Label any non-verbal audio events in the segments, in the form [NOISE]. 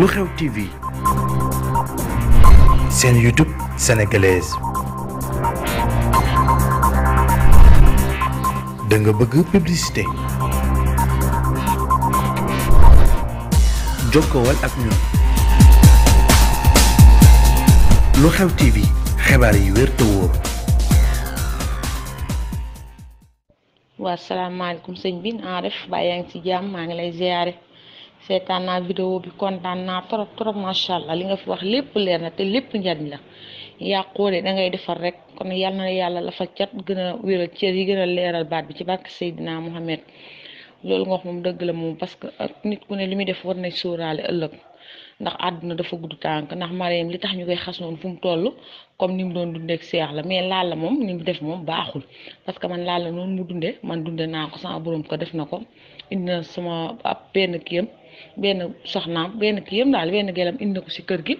lu xew TV seen YouTube sénégalaise da bëgg publicité jokkowal ak ñun lu xew TV xibaar yi wér te wóor. waa salaamaaleykum sëñ bi naa def bàyyi yaa ci jàmm maa ngi lay ziare. seetaan naa vidéo bi kontaan naa trop trop macha allah li nga fi wax lépp leer na te lépp njariñ la yàqoole da ngay defar rek kon yal na yàlla la fa cat gën a wéral cër yi gën a leeral baat bi ci barke Seydina Mohamed loolu nga wax moom dëgg la moom parce que nit ku ne li muy def war nañ sóoraale ëllëg. ndax àdduna dafa gudd tànk ndax Mariam li tax ñu koy xas noonu fu mu toll comme ni mu doon dundee ak la mais Lalla moom ni mu def moom baaxul parce que man Lalla noonu mu dundee man dundee naa ko sama borom ko def na ko indi na sama ab benn kiyam benn soxnaam benn kiyam daal benn gelam indi ko si kër gi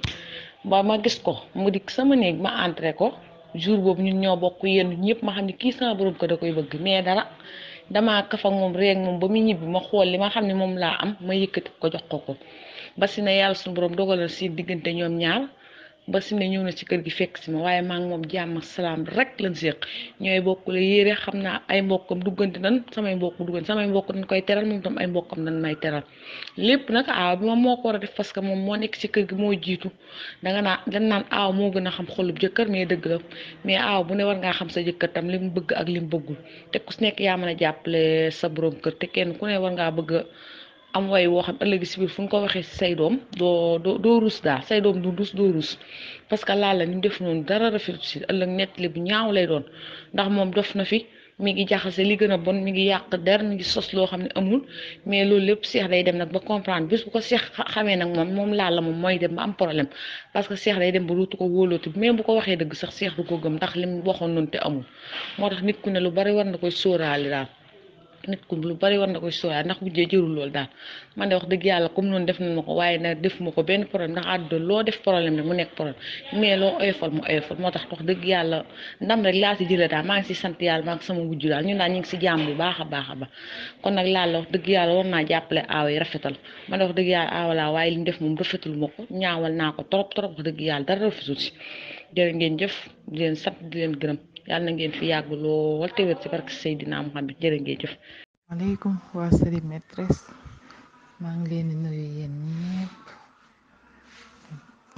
ba ma gis ko mu dikk sama néeg ma entré ko jour boobu ñun ñoo bokk yéen ñëpp ma xam ne kii sama borom ko da koy bëgg mais dara. dama kaf moom réeg moom ba mu ñibbi ma xool li ma xam ne moom laa am ma yëkkati ko jox ko ko ba si ne yàlla suñu borom dogalal si diggante ñoom ñaar ba si ne ñëw na ci kër gi fekk si ma waaye maa ngi moom jàmm ak salaam rek lañ séq ñooy bokkule yére xam naa ay mbokkam duggante nan samay mbokk duggante samay mbokk dañ koy teral moom tam ay mbokkam dañ may teral lépp nag aaw bi moom moo ko war a def parce que moom moo nekk ci kër gi moo jiitu danga naa dañ naan aaw moo gën a xam xolub jëkkër mais dëgg la mais aaw bu ne war ngaa xam sa jëkkër tam li mu bëgg ak li mu bëggul te ku a am way woo xam ëllëg si biir fu ñu ko waxee si say doom doo doo doo rus daal say doom du rus doo rus parce que laala ni mu def noonu dara rafet si ëllëg nettali bu ñaaw lay doon ndax moom dof na fi mi ngi jaxase li gën a bon mi ngi yàq der mi ngi sos loo xam ne amul mais loolu lépp seex day dem nag ba comprendre bis bu ko seex xamee nag moom moom la moom mooy dem problème parce que seex day dem ba dootu ko wóolootu même bu ko waxee dëgg sax seex du ko gëm ndax lim waxoon noonu te amul moo tax nit ku ne lu bari war na koy sóoraale daal. nit ku lu bari war na koy sooyaa ndax mujjee jërul loolu daal man de wax dëgg yàlla comme noonu def nañ ma ko waaye nag def ma ko benn problème ndax àdduna loo def problème ne mu nekk problème mais loo oyofal mu oyofal moo tax wax dëgg yàlla ndam rek laa si jëlee daal maa ngi si sant yàlla maa ngi sama wujju daal ñun daal ñu si jàmm bu baax a baax a baax kon nag laal la wax dëgg yàlla war naa jàppale aaw yi rafetal man de wax dëgg yàlla aaw waaye li ñu def moom rafetul ma ko ñaawal naa ko trop trop wax dëgg yàlla dara rafetul si jërë ngeen jëf leen sant di leen gërëm yàlla ngeen fi yàgg lool te wér ci barke Seydina Muhammad jërë ngeen jëf. maaleykum waa série maîtresse maa ngi leen di nuyu yéen ñëpp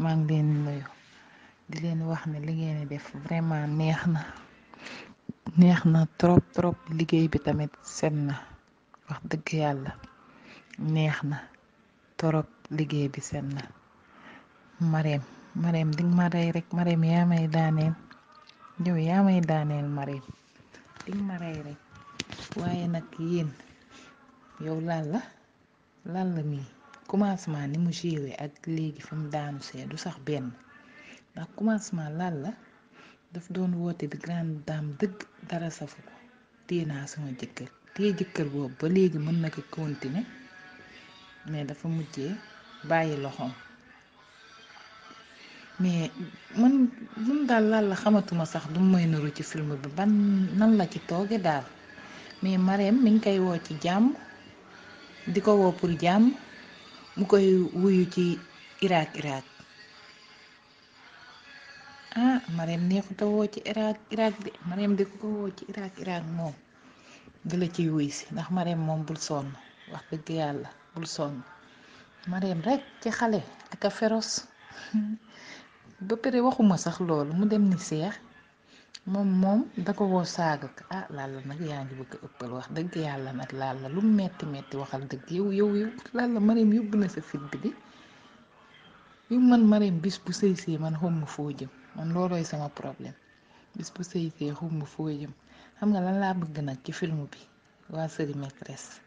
maa ngi leen nuyu di leen wax ne li ngeen di def vraiment neex na neex na trop trop liggéey bi tamit set na wax dëgg yàlla neex na trop liggéey bi set na Marème Marème di ma rey yow yaa may daaneel ma rey ma rey rek waaye nag yéen yow lan la lan la mii commencement ni mu géwe ak léegi fi daanu see du sax benn ndax commencement lan la daf doon woote di grande dame dëgg dara safu ko téye naa sama jëkkër téye jëkkër boobu ba léegi mën na ko continuer mais dafa mujjee bàyyi loxoom. mais man lum daal laal la xamatuma sax du may nuru ci film bi ban nan la ci tooge daal mais Marème mi ngi koy woo ci jàmm di ko woo pour jàmm mu koy wuyu ci Irak Irak ah Marème neexuta woo ci Irak de Marème di ko woo ci Irak Irak moom di la ciy wuy si ndax Marème moom bul sonn wax dëgg yàlla bul sonn Marème rek ci xale ak a [LAUGHS] ba pare waxuma sax loolu mu dem ni seex moom moom da ko woo saaga ko ah Lalla nag yaa ngi bëgg ëppal wax dëgg yàlla nag Lalla lu metti metti waxal dëgg yow yow yow la Marème yóbbu na sa fit bi di yu man Marème bis bu sëy see man xaw ma foo jëm man sama problème bis sëy see xaw ma foo xam nga lan laa bëgg nag ci film bi waa série maîtresse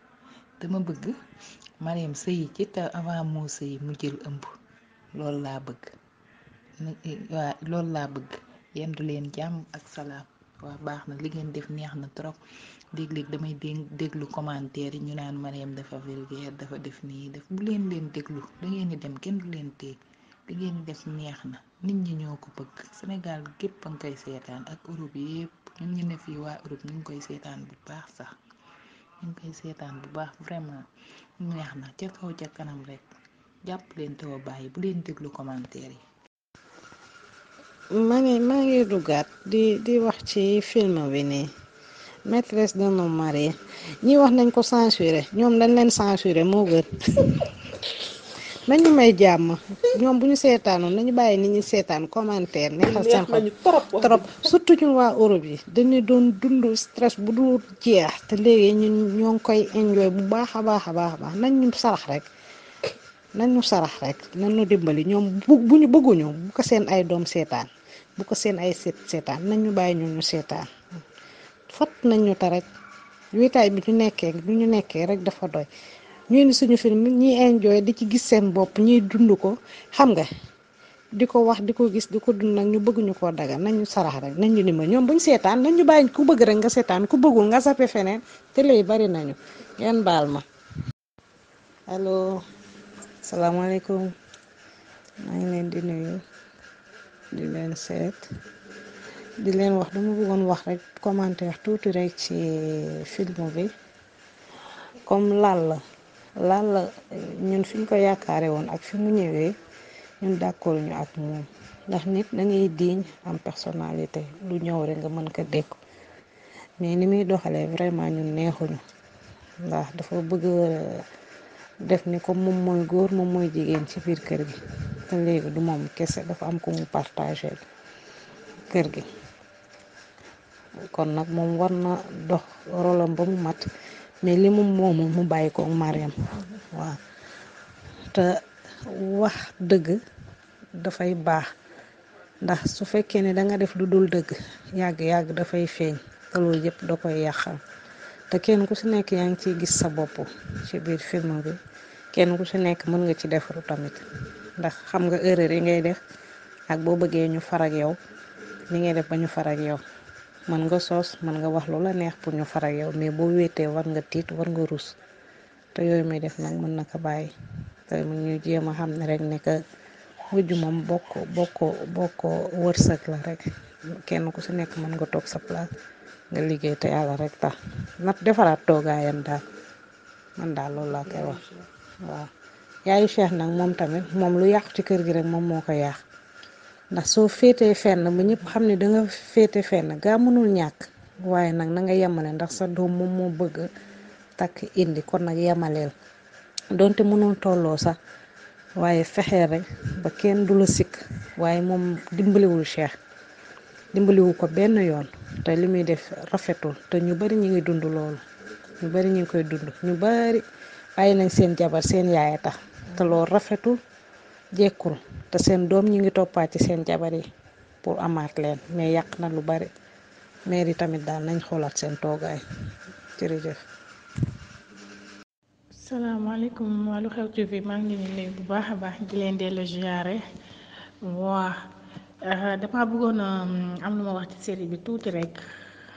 dama bëgg Marème sëyi ci te avant moo sëyi mu jël ëmb loolu laa bëgg. waa loolu laa bëgg du leen jàmm ak salaam waa baax na li ngeen def neex na trop léeg-léeg damay déglu commentaire yi ñu naan Mariam dafa vulgaire dafa def nii def bu leen leen déglu da ngeen di dem kenn du leen téye li ngeen def neex na nit ñi ñoo ko bëgg senegal gépp a ngi koy seetaan ak Europe yëpp ñun ñu ne fii waa Europe ñu ngi koy seetaan bu baax sax ñu ngi koy seetaan bu baax vraiment neex na ca kaw ca kanam rek jàpp leen te bàyyi bu leen déglu commentaire yi. maa ngi du ngi di di wax ci film bi nii maîtresse d'un homme marié ñi wax nañ ko censuré ñoom lañ leen censuré moo gën [LAUGHS] nañu may jàmm ñoom bu ñu seetaanoon nañu bàyyi ni ñu seetaan commentaire neexal seen xol trop surtout ñun waa Europe yi dañuy doon dund stress bu du jeex te léegi ñun ñoo koy enjoy bu baax a baax a baax a baax nañ ñu sarax rek nañ ñu sarax rek nañ ñu dimbali ñoom bu bu ñu bëgguñu bu ko seen ay doom seetaan. bu ko seen ay seet seetaan ñu bàyyi ñu ñu seetaan fot nañ ñu ta rek wéetaay bi ñu nekkee bi ñu nekkee rek dafa doy ñu indi suñu film ñi enjoy di ci gis seen bopp ñiy dund ko xam nga di ko wax di ko gis di ko dund nag ñu bëgg ñu koo daga nañu sarax rek nañu ni ma ñoom bu ñu seetaan nañu bàyyi ku bëgg rek nga seetaan ku bëggul nga sappe feneen te lay bari nañu ngeen baal ma allo salaamaaleykum maa ngi leen di nuyu di leen seet di leen wax dama bëggoon wax rek commentaire tuuti rek ci film bi comme Lalla Lalla ñun fi ñu ko yaakaare woon ak fi mu ñëwee ñun d'accord ñu ak moom ndax nit da ngay am personnalité lu ñëw rek nga mën ko dékk mais ni muy doxalee vraiment ñun neexuñu ndax dafa bëgg def ni comme moom mooy góor moom mooy jigéen ci biir kër gi. te léegi du moom kese dafa am ku mu partagé kër gi kon nag moom war na dox rolam ba mu mat mais li mu moomu mu bàyyi ko Mariam waaw te wax dëgg dafay baax ndax su fekkee ne danga def lu dul dëgg yàgg-yàgg dafay feeñ te loolu yëpp da koy yàqal te kenn ku si nekk yaa ngi ci gis sa bopp ci biir film bi kenn ku si nekk mën nga ci defaru tamit ndax xam nga erreur yi ngay def ak boo bëggee ñu farak yow li ngay def ba ñu farak yow mën nga soos mën nga wax lu la neex pour ñu farak yow mais boo wéetee war nga tiit war nga rus te yooyu muy def nag mën na ko bàyyi te ñu jéem a xam ne rek ne que wujju moom bokk bokk bokk wërsëg la rek kenn ku si nekk mën nga toog sa place nga liggéey te yàlla rek tax na defaraat toogaayam daal man daal loolu laa koy wax yaayu Cheikh nag moom tamit moom lu yàqu ci kër gi rek moom moo ko yàq ndax soo féetee fenn ba ñëpp xam ne danga féete fenn gaa mënul ñàkk waaye nag na nga yemale ndax sa doom moom moo bëgg takk indi kon nag yemaleel donte mënul tolloo sax waaye fexee rek ba kenn du la sikk waaye moom dimbaliwul Cheikh dimbaliwu ko benn yoon te li muy def rafetul te ñu bari ñu ngi dund loolu ñu bari ñu ngi koy dund ñu bari bàyyi nañ seen jabar seen yaay a tax te loolu rafetul jekkul te seen doom ñi ngi toppaat seen jabar yi pour amaat leen mais yàq na lu bari maire tamit daal nañ xoolaat seen toogaay jërëjëf. salaamaaleykum waa Lu Xew TV maa ngi leen di bu baax a baax di leen delloo ziare waa euh, dama bëggoon euh, am lu ma wax ci série bi tuuti rek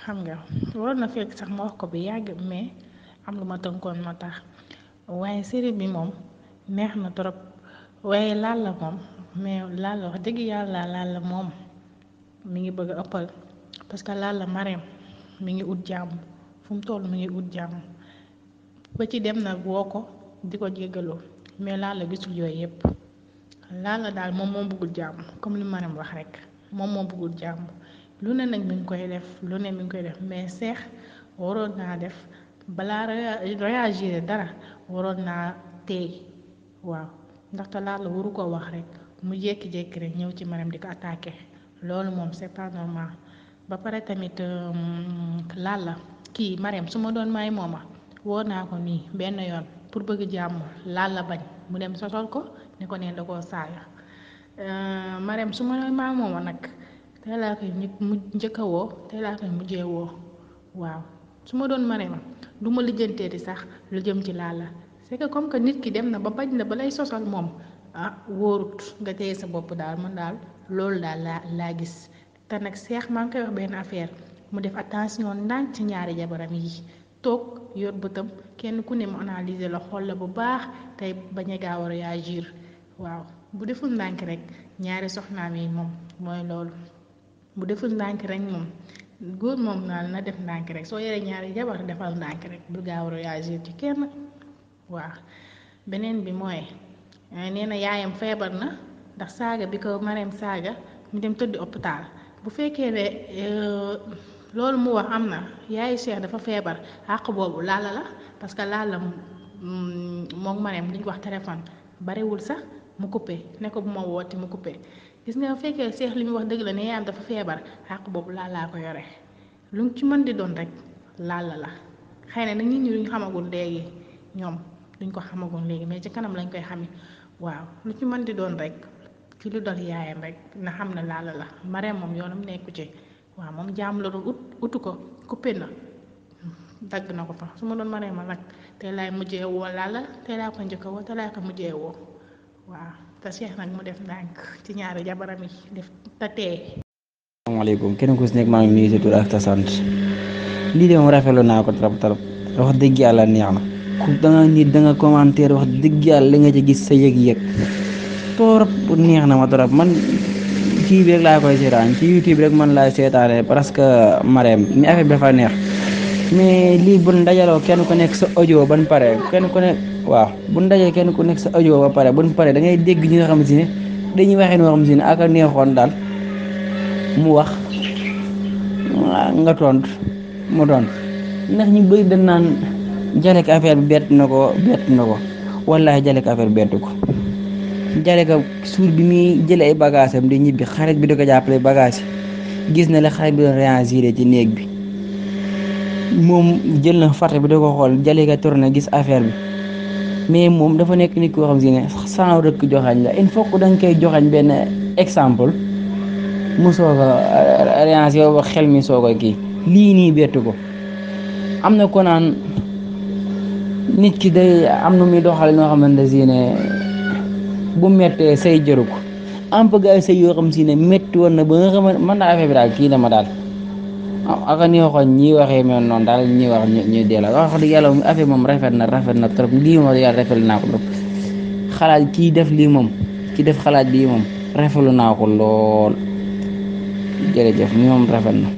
xam nga waroon na fekk sax ma wax ko bi yàgg mais am lu ma tënkoon ma tax waaye série bi moom. neex na trop waaye Lalla moom mais Lalla wax dégg yàlla Lalla moom mi ngi bëgg a ëppal parce que Lalla Marème mi ngi ut jàmm fu mu toll mi ngi ut jàmm ba ci dem na woo ko di ko jéggaloo mais Lalla gisul yooyu yëpp Lalla daal moom moo bëggul jàmm comme li Marème wax rek moom moo bëggul jàmm lu ne nag mi ngi koy def lu ne mi ngi koy def mais seex waroon naa def balaa réagir dara waroon naa teey waaw ndaxte Lalla waru koo wax rek mu jékki-jékki rek ñëw ci Marème di ko attaqué loolu moom c'est normal ba pare tamit euh, la kii Marème su ma doon may mooma woo naa ko nii benn yoon pour bëgg jàmm Lalla bañ mu dem sosol ko ne ko neen da koo saaga euh, su ma nag tey laa koy mu a woo tey laa koy mujjee woo waaw su ma doon Marème du ma lijjantee di sax lu jëm ci la c'est comme que nit ki dem na ba bañ na ba lay sosal moom ah wóorut nga téye sa bopp daal man daal loolu daal laa laa gis te nag seex maa ngi koy wax benn affaire mu def attention ndànk ci ñaari jabaram yi toog yor bëtam kenn ku ne mu analyser la xool la bu baax tey bañ a gaaw a réagir waaw bu deful ndànk rek ñaari soxnaam yi moom mooy loolu bu deful ndànk rek moom góor moom naa na def ndànk rek soo yore ñaari jabar defal ndànk rek bu gaaw a ci kenn. waaw beneen bi mooy eh, nee na yaayam feebar na ndax saaga bi ko mareem saaga mu dem tëdd hôpital bu fekkee ne eh, loolu mu wax am na yaayu Cheikh dafa feebar àq boobu laala la parce que laala mm, moom mareem duñ wax téléphone barewul sax mu coupé ne ko bu ma woote mu coupé gis nga bu fekkee li mu wax dëgg ne yaayam dafa feebar àq boobu laalaa ko yore lu ci mën di doon rek laala la xëy na nit ñi ñu xamagul léegi ñoom. duñ ko xamagoon léegi mais ci kanam lañ koy xamee waaw lu ci man di doon rek ci lu dal yaayam rek na xam ne laala la Marème moom yoonam nekku ci waaw moom jaam la doon ut utu ko kuppee na dagg na ko fa su ma doon Marème ma nag te lay mujjee woo laala tey laa ko njëkk a woo tey laa ko mujjee woo waaw te Cheikh nag mu def ndànk ci ñaari jabaram yi def te tee. asalaamaaleykum kenn ku si nekk maa ngi nuyu ak sa sant lii de moom rafetlu naa ko trop trop yàlla na. ku danga nit danga commentaire wax dëgg yàlla li nga ci gis sa yëg-yëg torop neex na ma torop man kii bi rek laa koy seetaan ci YouTube rek man laay seetaane parce que mareem ni affaire bi dafa neex mais lii bu ndajaloo kenn ku nekk sa ajo ban pare kenn ku nekk waaw bu ndajalee kenn ku nekk sa audio ba pare ban pare dangay dégg ñi nga xam si ne dañuy waxee noo xam si ne aka neexoon daal mu wax nga tontu mu tontu ndax ñu bëri Jalika affaire bi bett na ko bett na ko wallaahi Jalika affaire bi bettu ko Jalika suur bi muy jëlee ay bagages di ñibbi xarit bi di ko jàppale bagaas yi gis na la xarit bi doon réagir ci néeg bi moom jël na fàtte bi di ko xool Jalika tourné gis affaire bi mais moom dafa nekk nit koo xam si ne sans rëkk joxañ la il faut que da koy joxañ benn exemple mu soog a réagir ba xel mi soog a kii lii nii bettu ko am na ko naan. nit ki day am na muy doxale noo xamante si ne bu méttee say jëru ko am bëgg ay say yoo xam si ne métti woon na ba nga xamante man daal bi daal kii dama daal aka ni waxoon ñi waxee mel noonu daal ñi wax ñuy dee wax dëgg yàlla moom moom rafet na rafet na trop lii moom yàlla naa ko trop xalaat kii def lii moom kii def xalaat bii moom rafetlu naa ko lool jërëjëf moom rafet na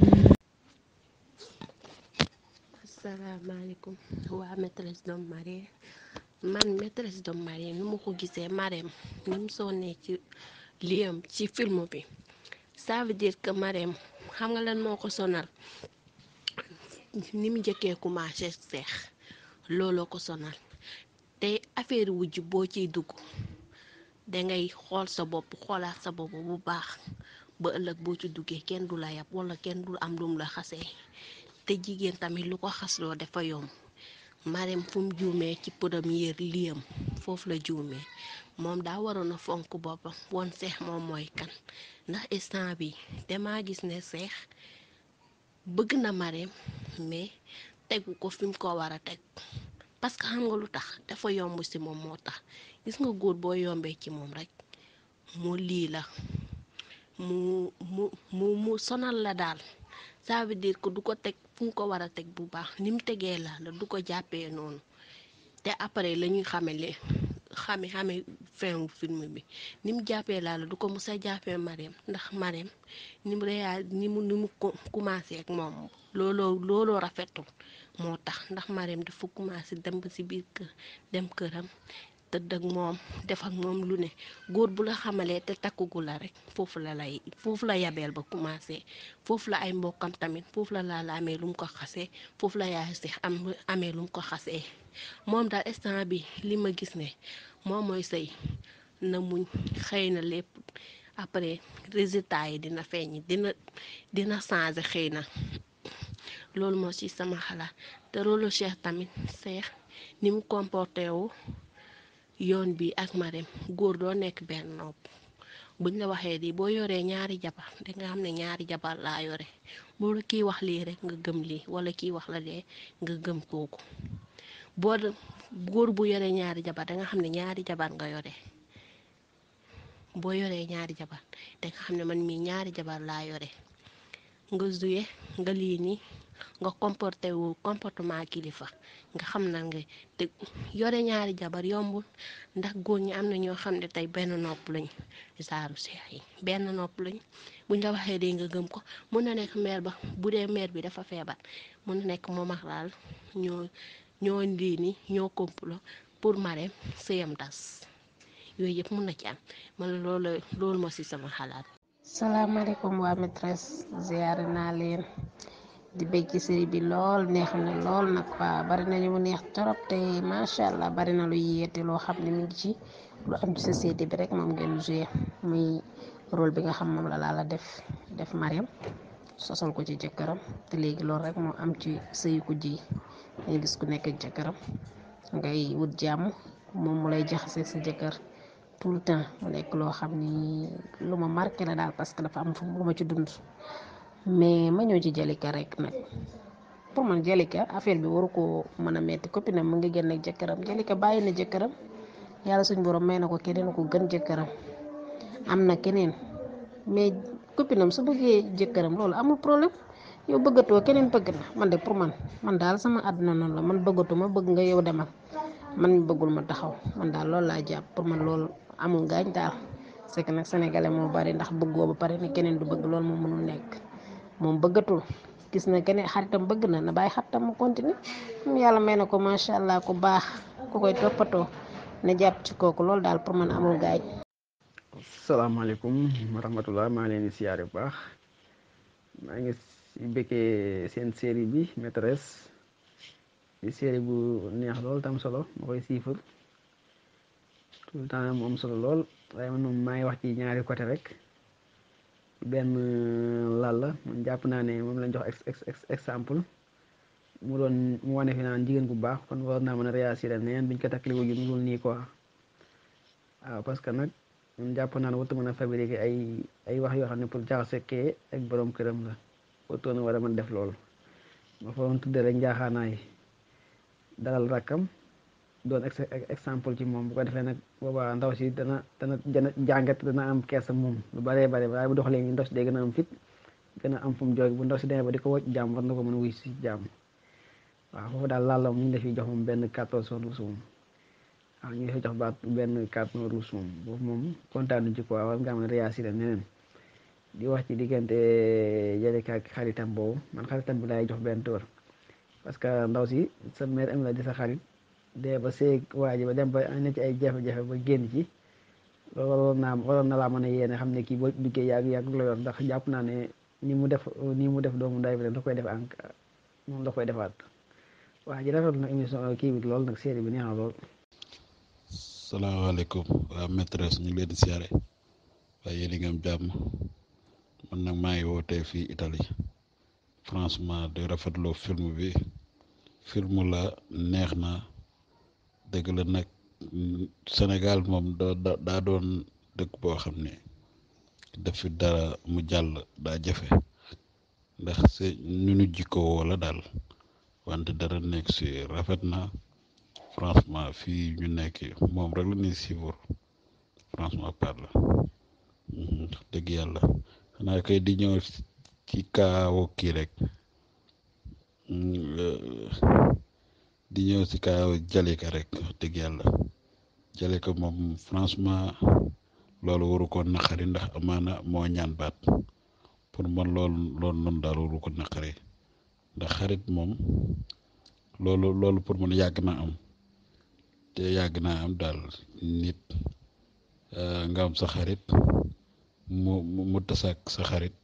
asalaamaaleykum waa maîtresse d'un marié man maîtresse d'un marié nu ma ko gisee Marème ni mu sonnee ci liyam ci film bi ça veut que Marème xam nga lan moo ko sonal ni mu njëkkee commencé seex looloo ko sonal te affaire wujj boo ciy dugg dangay xool sa bopp xoolaat sa bopp bu baax ba ëllëg boo ci duggee kenn du la yab wala kenn du am lum la xasee te jigéen tamit lu ko xasloo dafa yomb marem fu mu juumee ci premier liyam foofu la juumee moom daa waroon a fonk boppam woon seex moom mooy kan ndax instant bi damaa gis ne seex bëgg na marem mais tegu ko fim ko war a teg parce que xam nga lu tax dafa yomb si moom moo tax gis nga góor boo yombee ci moom rek mu lii la mu mu mu mu sonal la daal ça veut dire du ko teg fu mu ko war a teg bu baax ni mu tegee la du ko jàppee noonu te après la ñuy xamele xame xame fin film bi ni mu jàppee laa du ko mos jàppee Marème ndax Marème ni mu réal ni mu ni mu commencé ak moom looloo looloo rafetul moo tax ndax Marème dafa commencé dem ba ci biir kër dem këram tëdd ak moom def ak moom lu ne góor bu la xamalee te takkugu la rek foofu la lay foofu la yabeel ba commencé foofu la ay mbokkam tamit foofu la laala amee lu ko xasee foofu la yaay si amee lu mu ko xasee moom daal instant bi li ma gis ne moom mooy sëy na muñ xëy na lépp après résultat yi dina feeñ dina dina changé xëy na loolu moo ci sama xalaat te loolu Cheikh tamit Cheikh ni mu comporté yoon bi ak marem góor doo nekk benn nopp buñ la waxee di boo yoree ñaari jabar danga xam ne ñaari jabar laa yore boo kiy wax lii rek nga gëm lii wala wax la lee nga gëm kooku góor bu yoree ñaari jabar danga xam ne ñaari jabar nga yore boo yoree ñaari jabar danga xam ne man mii ñaari jabar laa yore nga zuye nga lii nii nga comporté comportement kilifa nga xam na nga te yore ñaari jabar yombul ndax góor ñi am na ñoo xam ne tey benn nopp lañ saaru seex yi benn nopp lañ buñ la waxee dee nga gëm ko mun na nekk meer ba bu dee meer bi dafa feebar mun na nekk moom ak daal ñoo ñoo lii ni ñoo complot pour mare sëyam tas yooyu yëpp mun na ci am man loolu loolu ma si sama xalaat. salaamaaleykum waa maîtresse ziyaare naa leen. di bëgg ci série bi lool neex na lool nag waa bari nañu mu neex torop te macha allah bari na lu yéete loo xam ne mu ngi ci lu am ci société bi rek moom ngeen joué muy rôle bi nga xam moom la laala def def Mariam sosal ko ci jëkkëram te léegi loolu rek moo am ci sëyu ko ji ngay gis ku nekk jëkkëram ngay wut jàmm moom mu lay jaxase sa jëkkër tout le temps mu nekk loo xam ni lu ma marqué la daal parce que dafa am fu mu ma ci dund. mais ma ñëw ci Jalika rek nag pour man Jalika affaire bi waru ko mën a metti copine mu ngi génn ak jëkkëram Jalika bàyyi na jëkkëram yàlla suñ borom may na ko keneen ko gën jëkkëram am na keneen mais copinam su bëggee jëkkëram loolu amul problème yow bëggatoo keneen bëgg na man de pour man man daal sama àdduna noonu la man bëggatu ma bëgg nga yow demal man mi bëggul ma taxaw man daal loolu laa jàpp pour man loolu amul gaañ daal c'est que nag sénégalais moo bari ndax bëggoo ba pare ni keneen du bëgg loolu moo mënul nekk moom bëggatul gis na keneen xaritam bëgg na na baay xaritam mu continuer moom yàlla may na ko macha allah ku baax ku koy toppatoo ne jàpp ci kooku loolu daal pour mën a amul gaañ. salaamaaleykum wa rahmatulah maa leen siyaare bu baax maa ngi békkee seen série bi maîtresse di bu neex lool tam solo ma koy siifal temps mu am solo lool waaye man maa ngi wax ci ñaari côté rek. benn euh, lal la man jàpp naa ne moom lañ jox exemple mu doon mu wane fi naan jigéen bu baax kon war naa mën a réagir neen biñ ko takkali wu ñu nii quoi waaw parce que nag man jàpp naa ne warut mën a fabriquer ay ay wax yoo xam ne pour jaxase kee ak borom këram la wartoona war a mën def lool ma fa doon tuddee rek dalal rakkam doon exemple ci moom bu ko defee nag boobaa ndaw si dana dana dana jàngat dana am keesa moom lu baree bare waaye bu doxalee ndaw si day gën a am fit gën a am fu mu bu ndaw si demee ba di ko wocc jàmm ko mën a wuy si jàmm waaw foofu daal laal la mu ngi defi jox moom benn carton rouge moom waaw ñu ngi jox baat benn carton rouge moom boobu moom kontaan ci quoi am nga mën a réagir neneen di wax ci diggante eh, Jalika ak xaritam boobu man xaritam bi laay jox benn tool parce que ndaw si sa mère am la di sa xarit dee ba sëy waa ji ba dem ba ne ci ay jafe-jafe ba génn ci loolu na naa waroon na laa a xam ne kii boo duggee yàgg yàgg la ndax jàpp naa ne ni mu def ni mu def doomu nday bi da koy def ànk moom da koy defaat waa ji rafetlu na émission euh, kii lool nag série bi neex na lool. ñu ngi leen di siyaare waaye yéen a ngi am jàmm man nag maa ngi wootee fii Italie franchement di rafetlu film bi film neex na. dëgg la nag Sénégal moom daa doon dëkk boo xam ne def dara mu jàll daa jafe ndax se ñu nu jikko woo daal wante dara nekk si rafet na franchement fi ñu nekk moom rek la ñuy suivre franchement parle mm-hmm, dëgg yàlla xanaa kay di ñëw ci kaawo kii rek. Mm, euh, di ñëw si ka Jalika rek wax dëgg yàlla Jalika moom franchement loolu waru ko naqari ndax amaana moo ñaan baat pour man lool loolu noonu daal waru ko naqari ndax xarit moom loolu loolu pour man yàgg naa am te yàgg naa am daal nit euh, nga am sa xarit mu mu tasaak sa xarit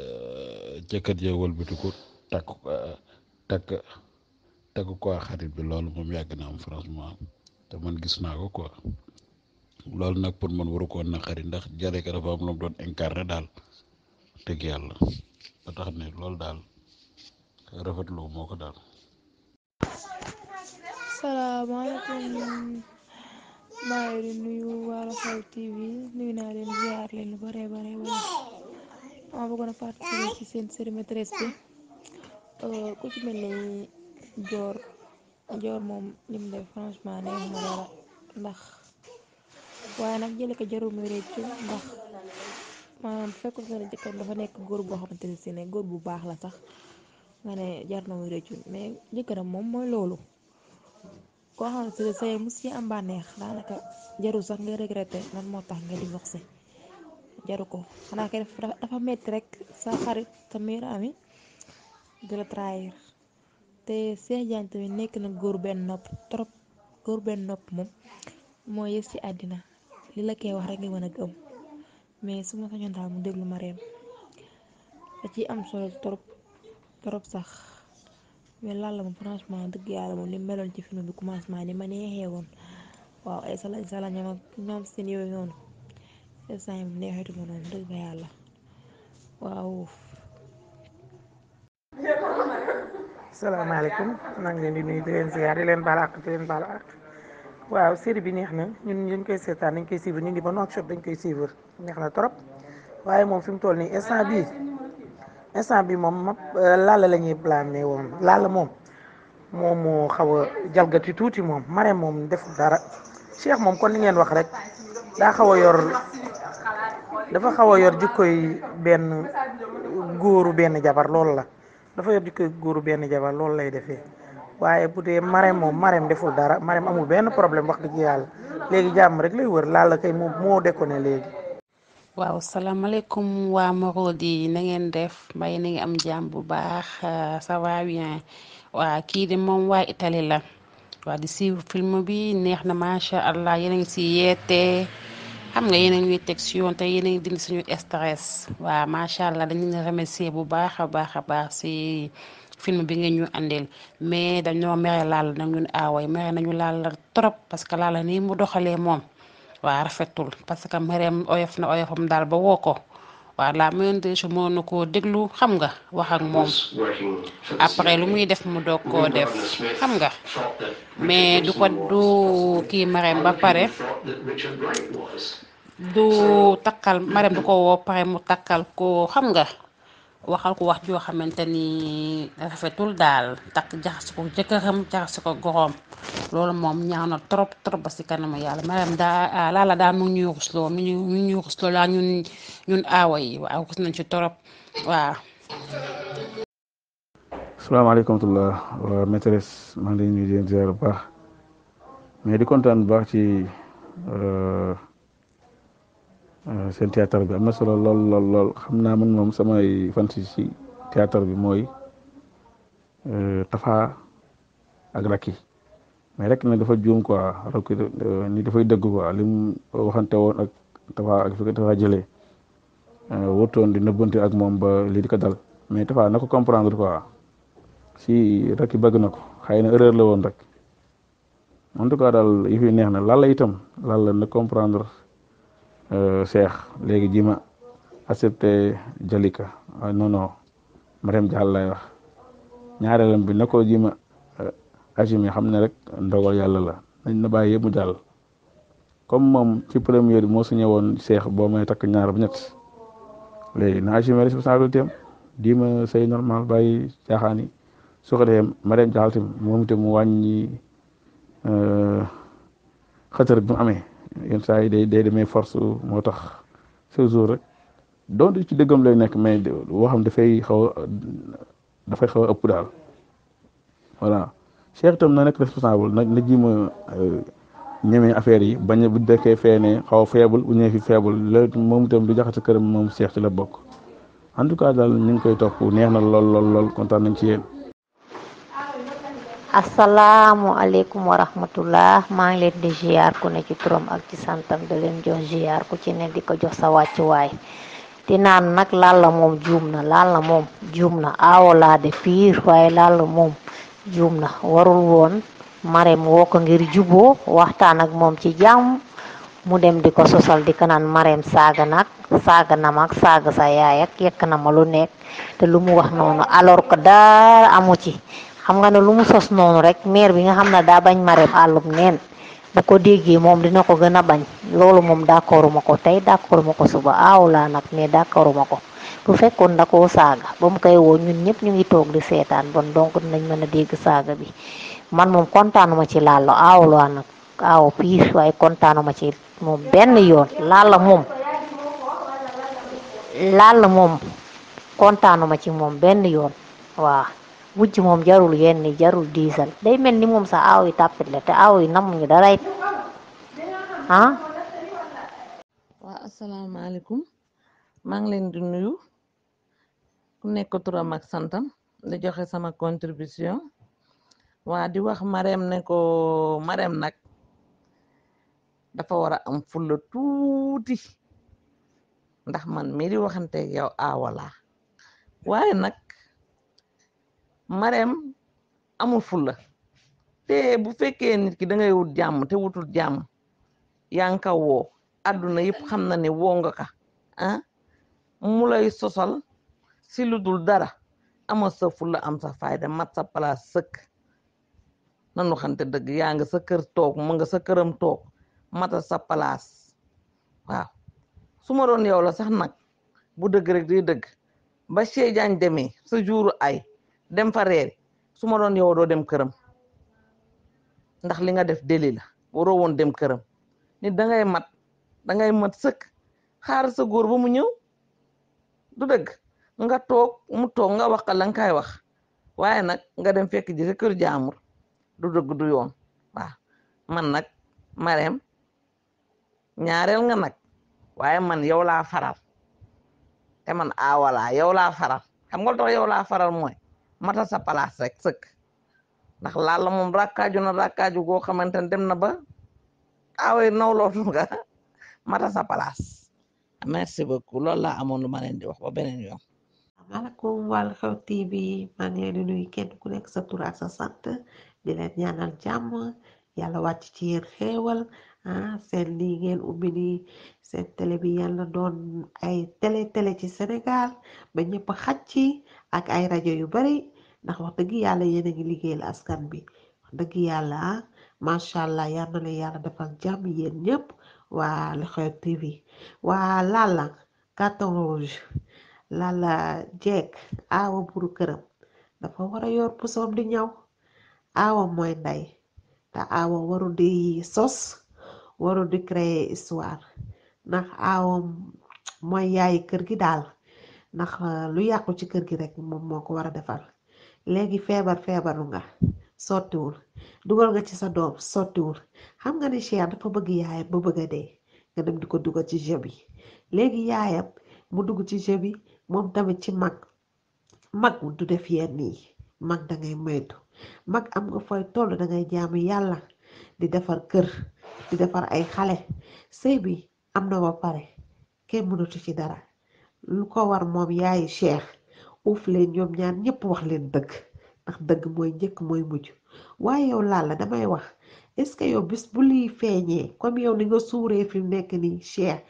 euh, jëkkat ja wëlbatiku takk euh, takk tegu quoi xarit bi loolu moom yàgg na am franchement te man gis naa ko quoi loolu nag pour man waru koo naqari ndax Jalika dafa am lu mu doon incarné daal dëgg yàlla ba tax ne loolu daal rafetlu moo ko daal. salaamaaleykum maa ngi leen nuyu waa Rafael TV nuyu naa leen ziar leen bare bare bare maa bëggoon a participer ci euh, ku ci mel joor joor moom lim def franchement neex ma ndax waaye nag jële ko jarul muy réccu ndax maanaam fekkoon sa ne jëkkër dafa nekk góor boo xamante ne si ne góor bu baax la sax nga ne jar na muy réccu mais moom mooy loolu koo xamante ne am bànneex daanaka jarul sax nga regretter lan moo tax nga divorcé jaru ko xanaa kay dafa metti rek sa xarit sa meilleur ami di la trahir te Cheikh Diagne tamit nekk na góor benn nopp trop góor benn nopp moom moo yës ci àddina li la koy wax rek nga mën a gëm mais su ma sañoon daal mu déglu ma reem da ciy am solo trop trop sax mais Lalla moom franchement dëgg yàlla moom li meloon ci film bi commencement ni ma neexee woon waaw ay salañ salañ ñoom ñoom seen yooyu noonu instant yi mu neexetu ma noonu dëgg fa yàlla waaw. salaamaaleykum maa ngi leen di nuyu di leen ziar leen baal àq leen baal àq waaw série bi neex na ñun dañ koy seetaan dañ koy suivre ñu ngi ba Nouakchott dañ koy suivre neex na trop waaye moom fi mu toll nii instant bii instant bi moom ma euh, laal la ñuy blâmer woon Lalla moom moom moo xaw a jalgati tuuti moom Marème moom def dara Cheikh moom kon ni ngeen wax rek daa xaw a yor dafa xaw a yor jikkoy benn góoru benn jabar loolu la. dafa yor jikko góoru benn jabar loolu lay defe waaye bu dee marème moom marème deful dara marème amul benn problème wax dëgg yàlla léegi jàmm rek lay wër laala kay moo moo déconné léegi. waaw salaamaaleykum waa Marodi na nangeen def mbay na am jàmm bu baax euh, ça va bien waa kii de moom waa Italie la waa di suivre film bi neex na macha allah yéen ngi si yeete. xam nga yéen a ngi teg si yoon te yéen a ngi dindi suñu stress waaw macha allah dañu remercier bu baax a baax a baax si film bi ngeen ñu andil mais dañoo mere laal nag ñun aaway ah mere nañu laal la trop parce que laal la nii mu doxalee moom waa rafetul parce que mereem oyof na oyofam daal ba woo ko. waaw la moindre des choses moo koo déglu xam nga wax ak moom après lu muy def mu doog koo def xam nga mais du ko du kii Marème ba pare du takkal Marème du ko woo pare mu takkal ko xam nga. waxal ko wax joo xamante ni rafetul daal takk jaxase ko jëkkëram jaxase ko lool moom ñaaw na trop trop ba si kanamu yàlla maanaam daa ah, laala daa mu ñuy rusloo mu mu ñuy rusloo laa ñun ñun aawa yi waaw rus nañ ci trop waaw. waa Euh, seen théâtre bi am na solo lool lool lool xam naa man moom samay fansi si théâtre bi mooy euh, Tafa ak Racky mais rek nag dafa juum quoi Racky euh, dafay dëgg li mu waxante woon ak Tafa ak fi ko Tafa jëlee wurtoon di nëbbante ak moom ba lii di ko dal mais Tafa na ko comprendre quoi si rakki bëgg na ko xëy na erreur la woon rek en tout cas daal yi fi neex na lalla itam lalla na comprendre Euh, Cheikh léegi ji ma accepté Jalika euh, non non Mariam Diallo lay wax ñaareelam bi na ko ji ma euh, assumé xam ne rek ndogal yàlla la nañ na bàyyi yëpp mu jàll comme moom ci première bi moo signé woon boo may takk ñaar bu ñett léegi na assumé responsabilité am ji ma say normal bàyyi caaxaan yi su ko defee Mariam Diallo tamit moom itam mu wàññi xëtër bi mu amee. yenn saa yi day day demee force moo tax chaque jour rek doon ci dëggam lay nekk mais boo xam dafay xaw dafay xaw a ëpp daal voilà Cheikh itam na nekk responsable nag na ji ma euh, ñemee affaire yi bañ a bu dekkee feeñee xaw a faible bu ñëwee fi faible loolu moom itam du jaxase këram moom Cheikh ci la bokk en tout cas daal ñu ngi koy topp neex na lool lool lool kontaan nañ ci yéen. asalaamualeykum wa rahmatullah maa ngi leen di ziar ku ne ci turam ak ci santam da jox ziar ku ci ne di ko jox sa wàccuwaay di naan nag Lalla moom juum na Lalla moom juum na aawo laa de piir waaye Lalla moom juum na warul woon Marème woo ko ngir juboo waxtaan ak moom ci jàmm mu dem di ko sosal di ko naan Marème saaga nag saaga na ma ak saaga sa yaay ak yekk na ma lu nekk te lu mu wax noonu alors que dara amu ci. xam nga ne lu mu sos noonu rek mair bi nga xam ne daa bañ mare àllum neen bu ko déggee moom dina ko gën a bañ loolu moom ma ko tey d'accorduma ko suba aaw laa nag mais d'accorduma ko bu fekkoon da koo saaga ba mu koy ñëpp ñu ngi toog di seetaan bon donc dinañ mën a dégg saaga bi man moom kontaanuma ci Lalla aaw laa nag aaw piis waaye kontaanuma ci moom benn yoon Lalla moom Lalla moom kontaanuma ci moom benn yoon waaw wujj moom jarul yenn jarul diisal day mel ni moom sax aaw yi tàppit la te aaw yi namuñu dara it ah. waaw asalaamaaleykum maa ngi leen di nuyu ku nekk turam ak santam di joxe sama contribution waa di wax Marème ne ko Marème nag dafa war a am fulla tuuti ndax man mii di waxante yow aawala waaye nag. mareem amul fulla te bu fekkee nit ki da ngay wut jàmm te wutul jàmm yaa ngi ka woo àdduna yëpp xam na ne woo nga ka ah mu lay sosal si lu dul dara ama sa fulla am sa fayda mat sa place sëkk nanu xante dëgg yaa nga sa kër toog mu nga sa këram toog matal sa palaas waaw su ma doon yow la sax nag bu dëgg rek di dëgg ba Cheikh Diagne demee sa juru ay dem fa reeri su ma doon yow dem këram ndax li nga def deli la waroo woon dem këram nit dangay mat dangay mat sëkk xaar sa góor ba mu ñëw du dëgg nga toog mu toog nga wax la nga kay wax waaye nag nga dem fekk ji sa kër jaamur du dëgg du yoon waaw man nag mareem ñaareel nga nag waaye man yow laa faral te man aawalaa yow laa faral xam nga lu tax laa faral mooy matal sa place rek sëkk ndax laal la moom rakkaaju na rakkaaju goo xamante ne dem na ba aawee ah nawlootu [LAUGHS] nga matal sa place merci beaucoup loolu laa amoon lu ma leen di wax ba beneen yoon. maaleykum wàllu xew TV maa ngi leen di nuyu kenn ku nekk sa tur sa sant di leen ñaanal jàmm yàlla wàcc ci yéen xéewal ah seen lii ngeen ubbi nii seen doon ay télé télé ci Sénégal ba ñëpp xaj ci ak ay rajo yu bari ndax wax dëgg yàlla yéen a ngi liggéeyal askan bi wax dëgg yàlla ah macha allah yal na la yàlla defal jàmm yéen ñëpp waa Lu Xew TV waa Lalla carton rouge Lalla jeeg aawa buru këram dafa war a yor pusoom di ñaw aawa mooy ndey te aawa waru di sos waru di créer histoire ndax aawa mooy yaayi kër gi daal ndax euh, lu yàqu ci kër gi rek moom moo ko war a defar léegi feebar feebaru nga sottiwul dugal nga ci sa doom sottiwul xam nga ne Cheikh dafa bëgg yaayam ba bëgg dee nga dem di ko dugal ci jeu bi léegi yaayam mu dugg ci jeu bi moom tamit ci mag mag du def yenn yi mag dangay ngay moytu mag am nga fooy toll da jaamu yàlla di defar kër di defar ay xale sëy bi am na ba pare kenn mënatu ci dara. lu ko war moom yaay cheikh uuf leen ñoom ñaan ñëpp wax leen dëgg ndax dëgg mooy njëkk mooy mujj waaye yow laal la damay wax est-ce que yow bis bu liy feeñee comme yow ni nga suuree fi nekk nii cheikh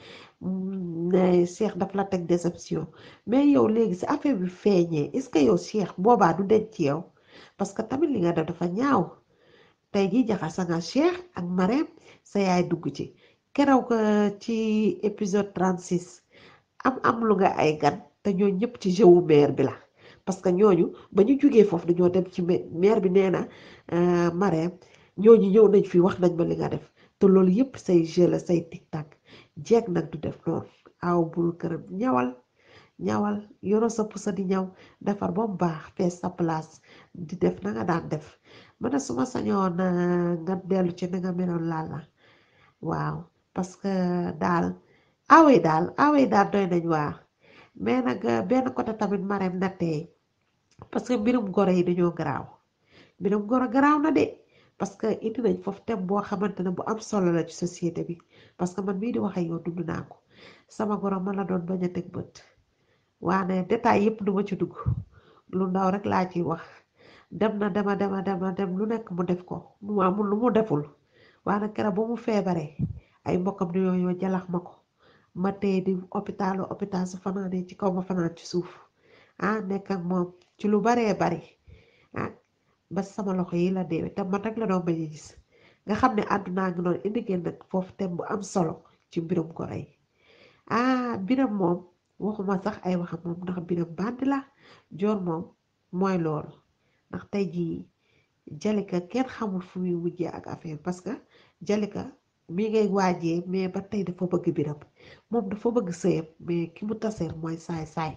mm, ne cheikh daf la teg déception mais yow léegi si affaire bi feeñee est-ce que yow cheikh boobaa du denc ci yow parce que tamit li nga def dafa ñaaw tey jii jaxasa nga cheikh ak mareem sa yaay dugg ci ko euh, ci épisode 36 am am lu nga ay gan te ñoo ñëpp ci jeu wu maire bi la parce que ñooñu ba ñu jógee foofu dañoo dem ci maire bi nee na euh, Marème ñooñu ñëw nañ fi wax nañ ma li nga def te loolu yëpp say jeu la say tiktak jeeg nag du def noonu aw bul këram ñawal ñawal yoro sa pusa di ñaw defar ba mu baax fees sa place di def na nga daan def man su ma sañoon euh, nga dellu ci na nga meloon laal la waaw parce daal. aaway ah daal aaway ah daal doy nañ waa mais nag euh, benn côté tamit Marème na teey parce que mbirum goro yi dañoo garaaw mbirum goro garaaw na de parce que indi nañ foofu thème boo xamante ne bu am solo la ci société bi parce que man mii di waxee ak yow dund naa ko sama goro ma la doon bañ a teg bët waane détail yëpp du ma ci dugg lu ndaw rek laa ci wax dem na dema dem dema dem lu nekk mu def ko mu amul lu mu deful waa waane keroog ba mu feebaree ay mbokkam ni yooyu jalax ma ko ma tey di hôpitalu hôpital su fanaanee ci kaw ma fanaan ci suuf ah nekk ak moom ci lu baree bari ah, ba sama loxo yi la deewee te man rek la doon bañ gis nga xam ne àdduna ngi noonu indi ngeen nag foofu thème bu am solo ci mbirum ko rey ah, biram moom waxuma sax ay waxam moom ndax biram bandi la joor moom mooy loolu ndax tey ji Jalika kenn xamul fu muy wujjee ak affaire parce que Jalika mi ngay waajee mais ba tey dafa bëgg biram moom dafa bëgg sëyam mais ki mu taseer mooy saay-saay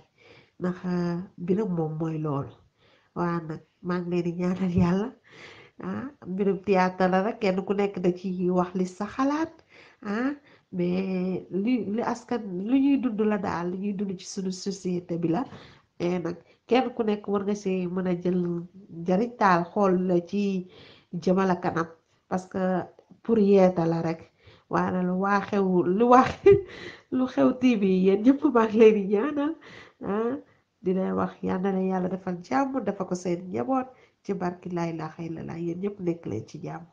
ndax ah, biram moom mooy loolu waa nag maa ngi di ñaanal yàlla ah mbirum la rek kenn ku nekk da ci wax li sa xalaat ah li ñuy dund la daal li ñuy dund ci suñu société bi la mais nag kenn ku nekk war nga see mën a jël njariñ xool la ci jëmala kanam parce pour yeeta la rek waana lu waa xew lu waa [LAUGHS] lu xew TV yéen ñëpp maa ngi leen di ñaanal ah wax yal na leen yàlla defal jàmm dafa ko seen njaboot ci barki laay laa xëy la laa yéen ñëpp nekk leen ci jàmm